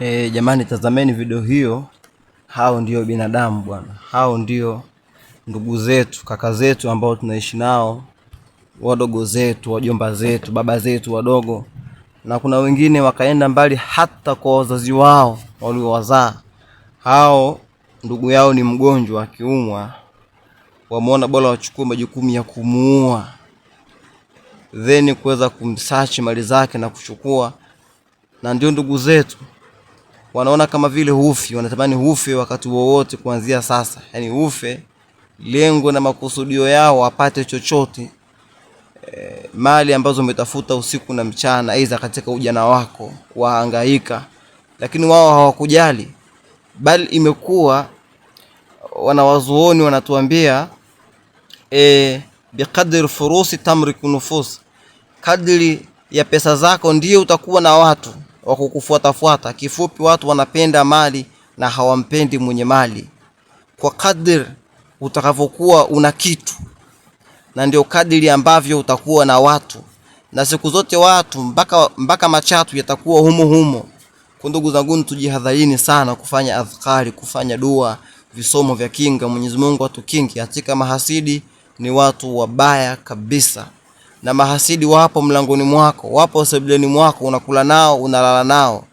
E, jamani tazameni video hiyo. Hao ndio binadamu bwana, hao ndio ndugu zetu, kaka zetu ambao tunaishi nao, wadogo zetu, wajomba zetu, baba zetu wadogo, na kuna wengine wakaenda mbali hata kwa wazazi wao waliowazaa. Hao ndugu yao ni mgonjwa, akiumwa wameona bora wachukue majukumu ya kumuua, then kuweza kumsachi mali zake na kuchukua, na ndio ndugu zetu wanaona kama vile hufi, wanatamani hufe wakati wowote kuanzia sasa, yani hufe. Lengo na makusudio yao wapate chochote e, mali ambazo umetafuta usiku na mchana, aidha katika ujana wako wahangaika, lakini wao hawakujali, bali imekuwa wanawazuoni wanatuambia e, biqadri furusi tamriku nufus, kadri ya pesa zako ndiyo utakuwa na watu wa kukufuatafuata. Kifupi, watu wanapenda mali na hawampendi mwenye mali. Kwa kadri utakavyokuwa una kitu, na ndio kadiri ambavyo utakuwa na watu, na siku zote watu mpaka mpaka machatu yatakuwa humo humo. Kwa ndugu zangu, tujihadharini sana kufanya adhkari, kufanya dua, visomo vya kinga. Mwenyezi Mungu atukinge katika mahasidi, ni watu wabaya kabisa na mahasidi wapo mlangoni mwako, wapo sebuleni mwako, unakula nao, unalala nao.